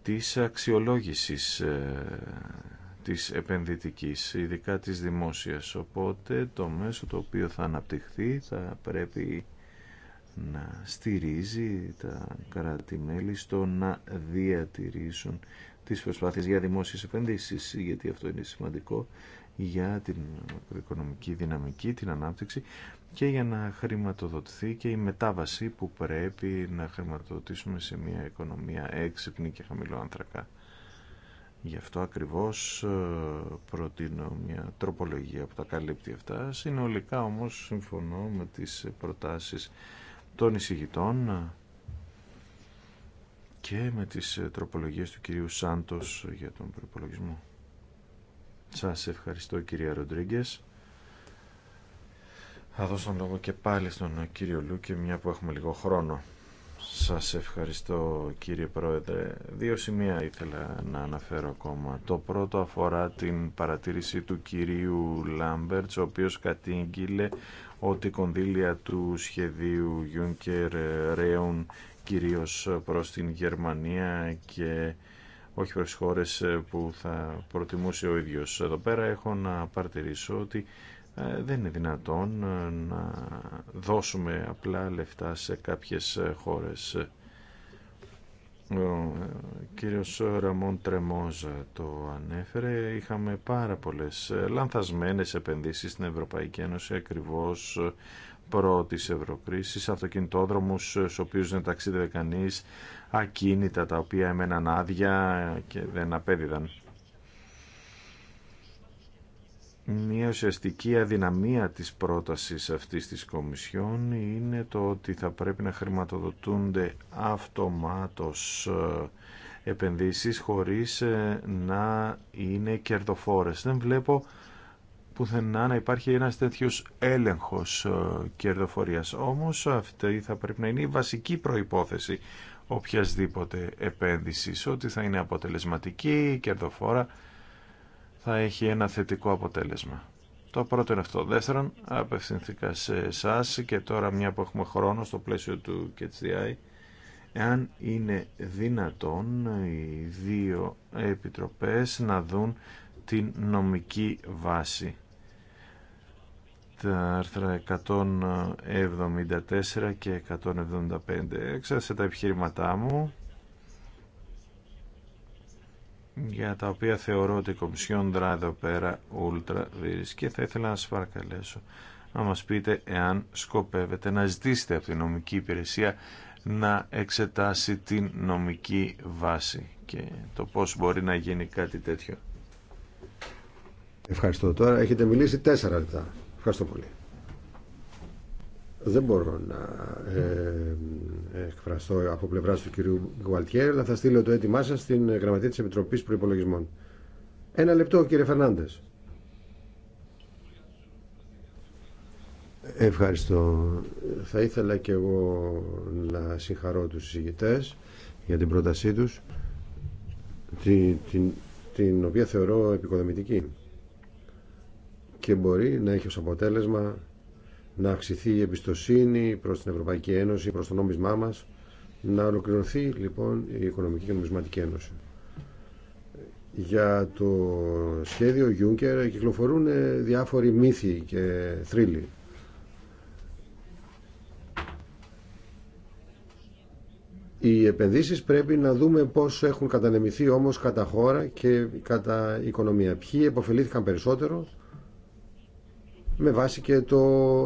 [SPEAKER 2] της αξιολόγησης ε, της επενδυτικής, ειδικά της δημόσιας. Οπότε το μέσο το οποίο θα αναπτυχθεί θα πρέπει να στηρίζει τα κράτη-μέλη στο να διατηρήσουν τις προσπάθειες για δημόσιες επενδύσεις, γιατί αυτό είναι σημαντικό για την οικονομική δυναμική, την ανάπτυξη και για να χρηματοδοτηθεί και η μετάβαση που πρέπει να χρηματοδοτήσουμε σε μια οικονομία έξυπνη και χαμηλό ανθρακά. Γι' αυτό ακριβώς ε, προτείνω μια τροπολογία που τα καλύπτει αυτά. Συνολικά όμως συμφωνώ με τις προτάσεις των εισηγητών και με τις τροπολογίες του κυρίου Σάντος για τον προπολογισμό. Σας ευχαριστώ κυρία Ροντρίγκε. Θα δώσω τον λόγο και πάλι στον κύριο Λούκη μια που έχουμε λίγο χρόνο. Σας ευχαριστώ κύριε Πρόεδρε. Δύο σημεία ήθελα να αναφέρω ακόμα. Το πρώτο αφορά την παρατήρηση του κυρίου Λάμπερτς, ο οποίος κατήγγειλε ότι κονδύλια του σχεδίου γιουνκερ Γιούνκερ-Ρέων κυρίως προς την Γερμανία και όχι προς χώρες που θα προτιμούσε ο ίδιος. Εδώ πέρα έχω να παρατηρήσω ότι ε, δεν είναι δυνατόν ε, να δώσουμε απλά λεφτά σε κάποιες ε, χώρες. Ο κύριος Ραμόν Τρεμόζα το ανέφερε. Είχαμε πάρα πολλές λανθασμένες επενδύσεις στην Ευρωπαϊκή Ένωση ακριβώς πρώτης ευρωκρίσης, αυτοκινητόδρομους στους οποίους δεν ταξίδευε κανείς, ακίνητα τα οποία έμεναν άδεια και δεν απέδιδαν. Μία ουσιαστική αδυναμία της πρότασης αυτής της Κομισιόν είναι το ότι θα πρέπει να χρηματοδοτούνται αυτομάτως ε, επενδύσεις χωρίς ε, να είναι κερδοφόρες. Δεν βλέπω πουθενά να υπάρχει ένας τέτοιος έλεγχος ε, κερδοφορίας. Όμως αυτή θα πρέπει να είναι η βασική προϋπόθεση οποιασδήποτε επένδυσης, ότι θα είναι αποτελεσματική, κερδοφόρα θα έχει ένα θετικό αποτέλεσμα. Το πρώτο είναι αυτό. Δεύτερον, απευθυνθήκα σε εσά και τώρα μια που έχουμε χρόνο στο πλαίσιο του KTI, εάν είναι δυνατόν οι δύο επιτροπές να δουν την νομική βάση. Τα άρθρα 174 και 175. σε τα επιχείρηματά μου για τα οποία θεωρώ ότι η Κομισιόν δρά εδώ πέρα ούλτρα και θα ήθελα να σας παρακαλέσω να μας πείτε εάν σκοπεύετε να ζητήσετε από την νομική υπηρεσία να εξετάσει την νομική βάση και το πώς μπορεί να γίνει
[SPEAKER 1] κάτι τέτοιο. Ευχαριστώ. Τώρα έχετε μιλήσει τέσσερα λεπτά. Ευχαριστώ πολύ δεν μπορώ να ε, εκφραστώ από πλευρά του κυρίου Γουαλτιέρη, αλλά θα στείλω το έτοιμά σα στην γραμματεία τη Επιτροπή Προπολογισμών. Ένα λεπτό, κύριε Φερνάντε. Ευχαριστώ. Θα ήθελα και εγώ να συγχαρώ τους συζητητές για την πρότασή τους, την, την οποία θεωρώ επικοδομητική και μπορεί να έχει ως αποτέλεσμα να αυξηθεί η εμπιστοσύνη προς την Ευρωπαϊκή Ένωση, προς το νόμισμά μας, να ολοκληρωθεί λοιπόν η Οικονομική και Νομισματική Ένωση. Για το σχέδιο Juncker κυκλοφορούν ε, διάφοροι μύθοι και θρύλοι. Οι επενδύσεις πρέπει να δούμε πώς έχουν κατανεμηθεί όμως κατά χώρα και κατά οικονομία. Ποιοι επωφελήθηκαν περισσότερο με βάση και το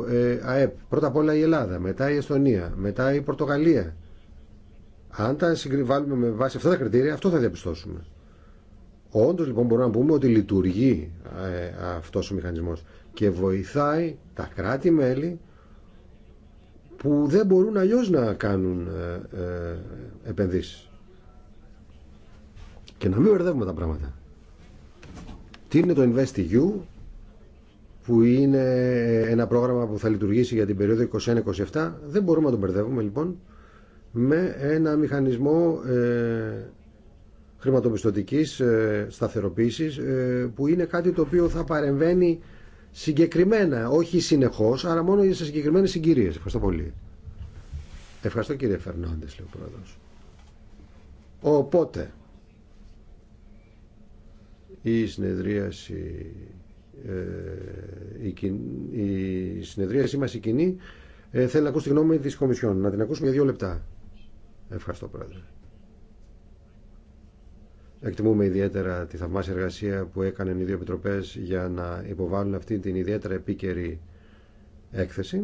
[SPEAKER 1] ε, ΑΕΠ. Πρώτα απ' όλα η Ελλάδα, μετά η Εστονία, μετά η Πορτογαλία. Αν τα συγκριβάλλουμε με βάση αυτά τα κριτήρια, αυτό θα διαπιστώσουμε. Όντω λοιπόν μπορούμε να πούμε ότι λειτουργεί ε, αυτό ο μηχανισμό και βοηθάει τα κράτη-μέλη που δεν μπορούν αλλιώ να κάνουν ε, επενδύσει. Και να μην μπερδεύουμε τα πράγματα. Τι είναι το InvestEU που είναι ένα πρόγραμμα που θα λειτουργήσει για την περίοδο 21-27, δεν μπορούμε να τον μπερδεύουμε λοιπόν με ένα μηχανισμό ε, χρηματοπιστωτικής ε, σταθεροποίησης ε, που είναι κάτι το οποίο θα παρεμβαίνει συγκεκριμένα, όχι συνεχώς, αλλά μόνο σε συγκεκριμένες συγκυρίες. Ευχαριστώ πολύ. Ευχαριστώ κύριε Φερνάντες, λέει ο Οπότε, η συνεδρίαση ε, η συνεδρίασή μας η κοινή ε, θέλει να ακούσει τη γνώμη της Κομισιόν. Να την ακούσουμε για δύο λεπτά. Ευχαριστώ, Πρόεδρε. Εκτιμούμε ιδιαίτερα τη θαυμάσια εργασία που έκαναν οι δύο επιτροπέ για να υποβάλουν αυτή την ιδιαίτερα επίκαιρη έκθεση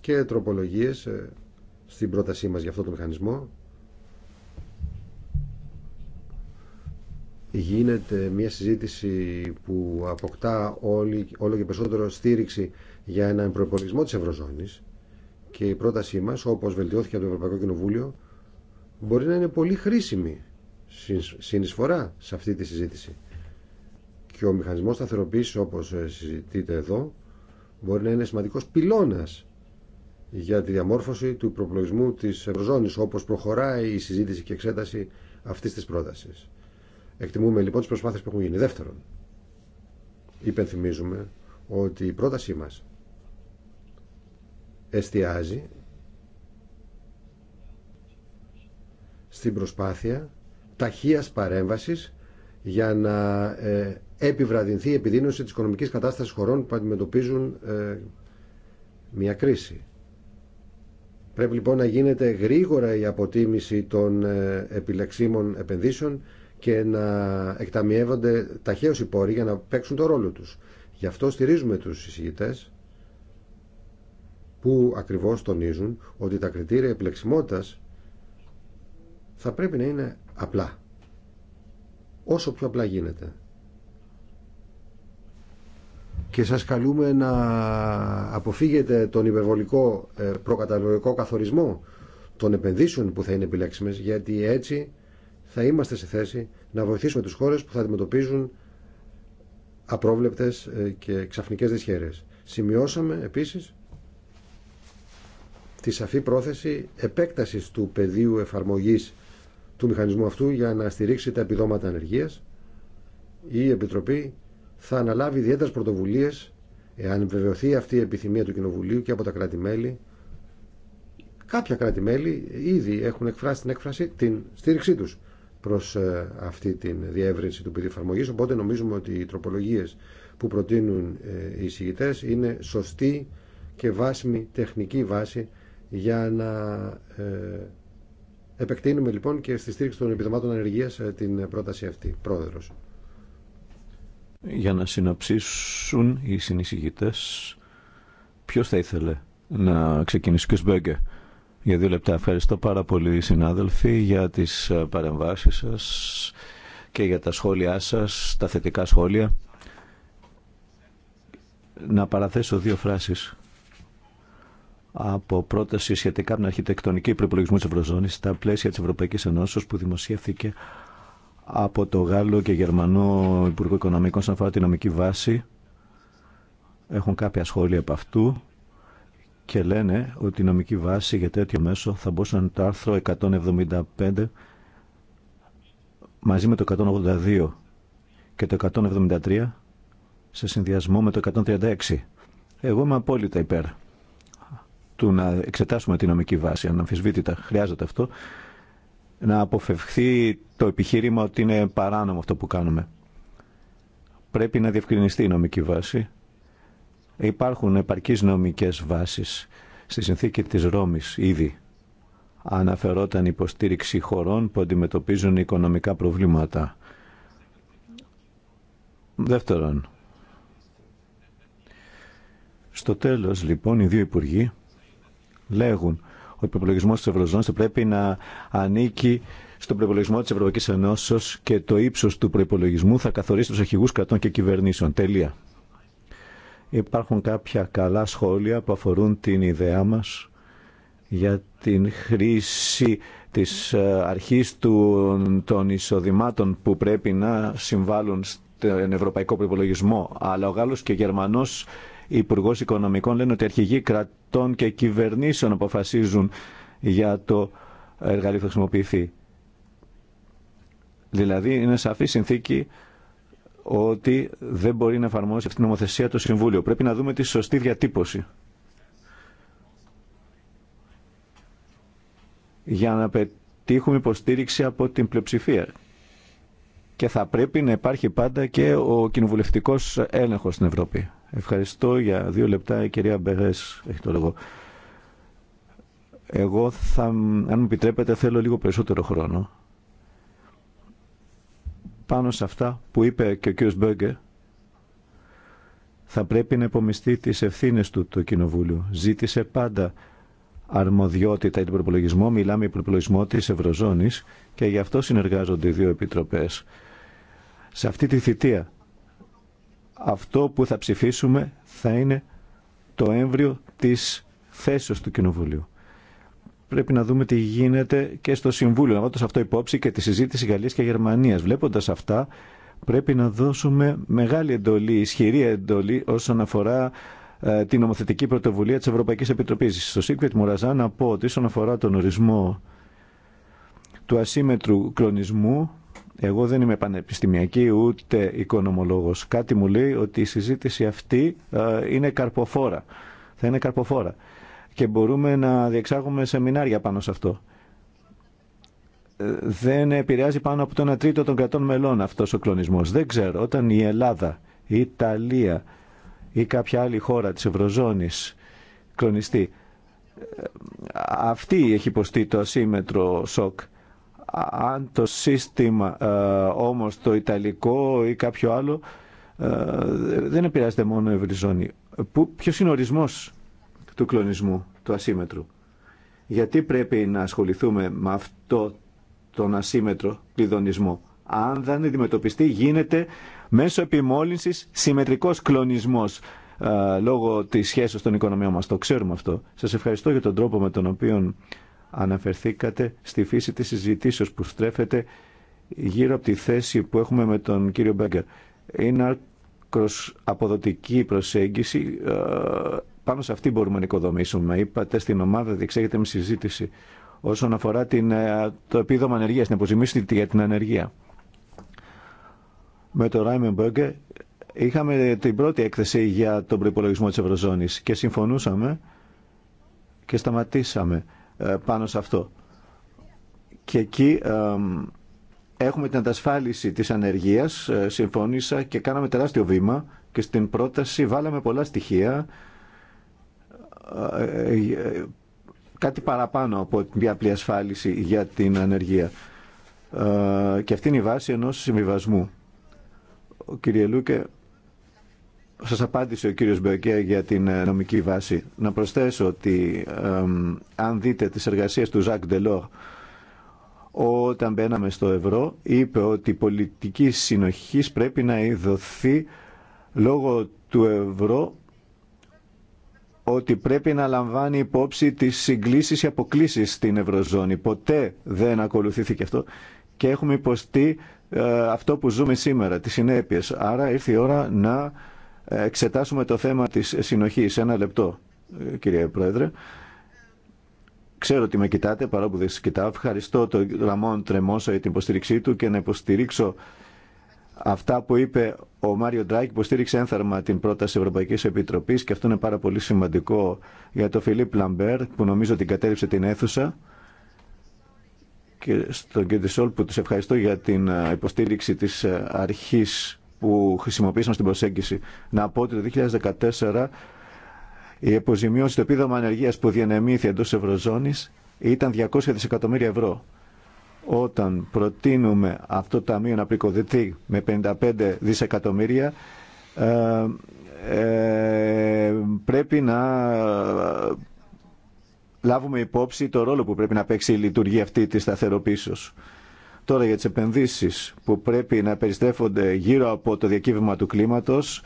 [SPEAKER 1] και τροπολογίες ε, στην πρότασή μας για αυτό το μηχανισμό γίνεται μια συζήτηση που αποκτά όλη, όλο και περισσότερο στήριξη για έναν προπολογισμό της Ευρωζώνης και η πρότασή μας, όπως βελτιώθηκε από το Ευρωπαϊκό Κοινοβούλιο, μπορεί να είναι πολύ χρήσιμη συνεισφορά σε αυτή τη συζήτηση. Και ο μηχανισμός σταθεροποίησης, όπως ε, συζητείτε εδώ, μπορεί να είναι σημαντικός πυλώνας για τη διαμόρφωση του προπολογισμού της Ευρωζώνης, όπως προχωράει η συζήτηση και εξέταση αυτής της πρότασης. Εκτιμούμε λοιπόν τι προσπάθειε που έχουν γίνει. Δεύτερον, υπενθυμίζουμε ότι η πρότασή μα εστιάζει στην προσπάθεια ταχείας παρέμβασης για να ε, επιβραδυνθεί η επιδείνωση της οικονομικής κατάστασης χωρών που αντιμετωπίζουν ε, μια κρίση. Πρέπει λοιπόν να γίνεται γρήγορα η αποτίμηση των ε, επιλεξίμων επενδύσεων και να εκταμιεύονται ταχαίως οι πόροι για να παίξουν το ρόλο τους. Γι' αυτό στηρίζουμε τους εισηγητέ που ακριβώς τονίζουν ότι τα κριτήρια επιλεξιμότητας θα πρέπει να είναι απλά. Όσο πιο απλά γίνεται. Και σας καλούμε να αποφύγετε τον υπερβολικό ε, προκαταλογικό καθορισμό των επενδύσεων που θα είναι επιλέξιμες γιατί έτσι θα είμαστε σε θέση να βοηθήσουμε τους χώρες που θα αντιμετωπίζουν απρόβλεπτες ε, και ξαφνικές δυσχέρειες. Σημειώσαμε επίσης τη σαφή πρόθεση επέκτασης του πεδίου εφαρμογής του μηχανισμού αυτού για να στηρίξει τα επιδόματα ανεργίας. Η Επιτροπή θα αναλάβει ιδιαίτερε πρωτοβουλίες εάν βεβαιωθεί αυτή η επιθυμία του Κοινοβουλίου και από τα κράτη-μέλη. Κάποια κράτη-μέλη ήδη έχουν εκφράσει την, έκφραση, την στήριξή τους προς ε, αυτή την διεύρυνση του πεδίου εφαρμογή. Οπότε νομίζουμε ότι οι τροπολογίες που προτείνουν ε, οι συγητές είναι σωστή και βάσιμη τεχνική βάση για να ε, επεκτείνουμε λοιπόν και στη στήριξη των επιδομάτων ανεργίας την πρόταση αυτή. Πρόεδρος.
[SPEAKER 3] Για να συνοψίσουν οι συνεισηγητές, ποιος θα ήθελε να ξεκινήσει, ο Μπέγκε για δύο λεπτά. Ευχαριστώ πάρα πολύ συνάδελφοι για τις ε, παρεμβάσεις σας και για τα σχόλιά σας, τα θετικά σχόλια. Να παραθέσω δύο φράσεις από πρόταση σχετικά με την αρχιτεκτονική προπολογισμού της Ευρωζώνης στα πλαίσια της Ευρωπαϊκής Ενώσεως που δημοσιεύθηκε από το Γάλλο και Γερμανό Υπουργό Οικονομικών σαν αφορά τη νομική βάση. Έχουν κάποια σχόλια από αυτού και λένε ότι η νομική βάση για τέτοιο μέσο θα μπορούσε να είναι το άρθρο 175 μαζί με το 182 και το 173 σε συνδυασμό με το 136. Εγώ είμαι απόλυτα υπέρ του να εξετάσουμε τη νομική βάση, αναμφισβήτητα χρειάζεται αυτό, να αποφευχθεί το επιχείρημα ότι είναι παράνομο αυτό που κάνουμε. Πρέπει να διευκρινιστεί η νομική βάση Υπάρχουν επαρκείς νομικές βάσεις. Στη συνθήκη της Ρώμης ήδη αναφερόταν υποστήριξη χωρών που αντιμετωπίζουν οικονομικά προβλήματα. Δεύτερον, στο τέλος λοιπόν οι δύο υπουργοί λέγουν ότι ο προπολογισμό της Ευρωζώνης θα πρέπει να ανήκει στον προπολογισμό της Ευρωπαϊκής Ενώσης και το ύψος του προπολογισμού θα καθορίσει τους αρχηγού κρατών και κυβερνήσεων. Τελεία. Υπάρχουν κάποια καλά σχόλια που αφορούν την ιδέα μας για την χρήση της ε, αρχής του, των εισοδημάτων που πρέπει να συμβάλλουν στον ευρωπαϊκό προπολογισμό. Αλλά ο Γάλλος και ο Γερμανός Υπουργό Οικονομικών λένε ότι αρχηγοί κρατών και κυβερνήσεων αποφασίζουν για το εργαλείο που θα χρησιμοποιηθεί. Δηλαδή είναι σαφή συνθήκη ότι δεν μπορεί να εφαρμόσει αυτήν την νομοθεσία το Συμβούλιο. Πρέπει να δούμε τη σωστή διατύπωση. Για να πετύχουμε υποστήριξη από την πλειοψηφία. Και θα πρέπει να υπάρχει πάντα και ο κοινοβουλευτικός έλεγχος στην Ευρώπη. Ευχαριστώ για δύο λεπτά η κυρία Μπερές έχει το λόγο. Εγώ θα, αν μου επιτρέπετε, θέλω λίγο περισσότερο χρόνο πάνω σε αυτά που είπε και ο κ. Μπέγκερ, θα πρέπει να υπομειστεί τις ευθύνε του το Κοινοβούλιο. Ζήτησε πάντα αρμοδιότητα για τον προπολογισμό. Μιλάμε για προπολογισμό τη Ευρωζώνης και γι' αυτό συνεργάζονται οι δύο επιτροπές. Σε αυτή τη θητεία αυτό που θα ψηφίσουμε θα είναι το έμβριο της θέσεως του Κοινοβουλίου πρέπει να δούμε τι γίνεται και στο Συμβούλιο, σε αυτό υπόψη και τη συζήτηση Γαλλία και Γερμανία. Βλέποντα αυτά, πρέπει να δώσουμε μεγάλη εντολή, ισχυρή εντολή όσον αφορά ε, την νομοθετική πρωτοβουλία της Ευρωπαϊκής Επιτροπής. Στο Secret Μουραζά να πω ότι όσον αφορά τον ορισμό του ασύμετρου κλονισμού, εγώ δεν είμαι πανεπιστημιακή ούτε οικονομολόγος. Κάτι μου λέει ότι η συζήτηση αυτή ε, είναι καρποφόρα. Θα είναι καρποφόρα και μπορούμε να διεξάγουμε σεμινάρια πάνω σε αυτό. Ε, δεν επηρεάζει πάνω από το 1 τρίτο των κρατών μελών αυτός ο κλονισμός. Δεν ξέρω, όταν η Ελλάδα, η Ιταλία ή κάποια άλλη χώρα της Ευρωζώνης κλονιστεί, ε, αυτή έχει υποστεί το ασύμετρο σοκ. Αν το σύστημα ε, όμως το Ιταλικό ή κάποιο άλλο δεν επηρεάζεται μόνο η Ευρωζώνη. Ποιος είναι ο ορισμός του κλονισμού, του ασύμετρου. Γιατί πρέπει να ασχοληθούμε με αυτό τον ασύμετρο κλειδονισμό. Αν δεν αντιμετωπιστεί γίνεται μέσω επιμόλυνσης συμμετρικός κλονισμός ε, λόγω της σχέσης των οικονομιών μας. Το ξέρουμε αυτό. Σας ευχαριστώ για τον τρόπο με τον οποίο αναφερθήκατε στη φύση της συζητήσεως που στρέφεται γύρω από τη θέση που έχουμε με τον κύριο Μπέγκερ. Είναι αποδοτική προσέγγιση ε, πάνω σε αυτή μπορούμε να οικοδομήσουμε. Είπατε στην ομάδα διεξέγεται μια συζήτηση όσον αφορά την, ε, το επίδομα ανεργία, την αποζημίωση για την ανεργία. Με το Μπέργκε είχαμε την πρώτη έκθεση για τον προπολογισμό τη Ευρωζώνη και συμφωνούσαμε και σταματήσαμε ε, πάνω σε αυτό. Και εκεί ε, έχουμε την αντασφάλιση της ανεργίας, συμφώνησα και κάναμε τεράστιο βήμα και στην πρόταση βάλαμε πολλά στοιχεία κάτι παραπάνω από μια απλή ασφάλιση για την ανεργία. Ε, και αυτή είναι η βάση ενός συμβιβασμού. Ο κύριε Λούκε, σας απάντησε ο κύριος Μπεοκέ για την ε, νομική βάση. Να προσθέσω ότι αν δείτε τις εργασίες του Ζακ Ντελόρ, όταν μπαίναμε στο ευρώ, είπε ότι η πολιτική συνοχής πρέπει να ειδωθεί λόγω του ευρώ ότι πρέπει να λαμβάνει υπόψη τις συγκλήσεις ή αποκλήσεις στην Ευρωζώνη. Ποτέ δεν ακολουθήθηκε αυτό και έχουμε υποστεί ε, αυτό που ζούμε σήμερα, τις συνέπειες. Άρα ήρθε και ώρα να ε, εξετάσουμε το θέμα της συνοχής. Ένα λεπτό, ε, κύριε Πρόεδρε. Ξέρω ότι με κοιτάτε, παρά που δεν σας κοιτάω. Ευχαριστώ τον Ραμόν Τρεμόσα για την υποστήριξή του και να υποστηρίξω Αυτά που είπε ο Μάριο Ντράικ υποστήριξε ένθαρμα την πρόταση Ευρωπαϊκή Επιτροπή και αυτό είναι πάρα πολύ σημαντικό για τον Φιλίπ Λαμπέρ που νομίζω ότι κατέριψε την αίθουσα και στον Κεντισόλ που τους ευχαριστώ για την ε, υποστήριξη της ε, αρχής που χρησιμοποίησαν στην προσέγγιση. Να πω ότι το 2014 η αποζημίωση του επίδομα ανεργίας που διανεμήθη εντός ευρωζώνης ήταν 200 δισεκατομμύρια ευρώ όταν προτείνουμε αυτό το ταμείο να πρικοδευτεί με 55 δισεκατομμύρια ε, ε, πρέπει να ε, λάβουμε υπόψη το ρόλο που πρέπει να παίξει η λειτουργία αυτή της σταθεροποίησης. Τώρα για τις επενδύσεις που πρέπει να περιστρέφονται γύρω από το διακύβευμα του κλίματος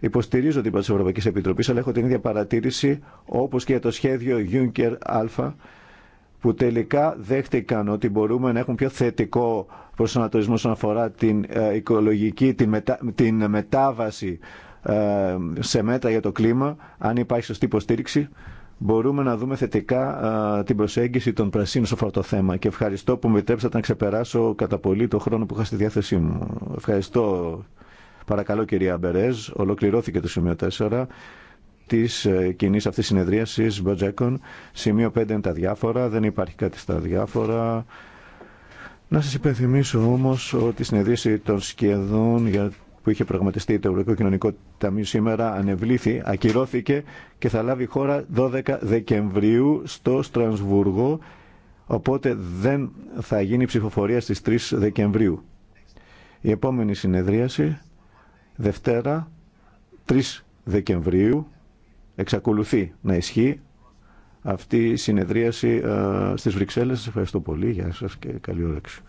[SPEAKER 3] υποστηρίζω την Πατσοευρωπαϊκής Ευρωπαϊκή αλλά έχω την ίδια παρατήρηση όπως και το σχέδιο Juncker Α που τελικά δέχτηκαν ότι μπορούμε να έχουμε πιο θετικό προσανατολισμό όσον αφορά την ε, οικολογική, την, την μετάβαση ε, σε μέτρα για το κλίμα, αν υπάρχει σωστή υποστήριξη, μπορούμε να δούμε θετικά ε, την προσέγγιση των πρασίνων σε αυτό το θέμα. Και ευχαριστώ που με επιτρέψατε να ξεπεράσω κατά πολύ το χρόνο που είχα στη διάθεσή μου. Ευχαριστώ. Παρακαλώ κυρία Μπερέζ, ολοκληρώθηκε το σημείο 4 τη ε, κοινή αυτή συνεδρίαση Μπατζέκον. Σημείο 5 είναι τα διάφορα, δεν υπάρχει κάτι στα διάφορα. Να σα υπενθυμίσω όμως ότι η συνεδρίαση των σχεδόν για που είχε πραγματιστεί το Ευρωπαϊκό Κοινωνικό Ταμείο σήμερα ανεβλήθη, ακυρώθηκε και θα λάβει χώρα 12 Δεκεμβρίου στο Στρασβούργο, οπότε δεν θα γίνει ψηφοφορία στις 3 Δεκεμβρίου. Η επόμενη συνεδρίαση, Δευτέρα, 3 Δεκεμβρίου, εξακολουθεί να ισχύει αυτή η συνεδρίαση ε, στις Βρυξέλλες. Σας ευχαριστώ πολύ. Γεια σας και καλή όρεξη.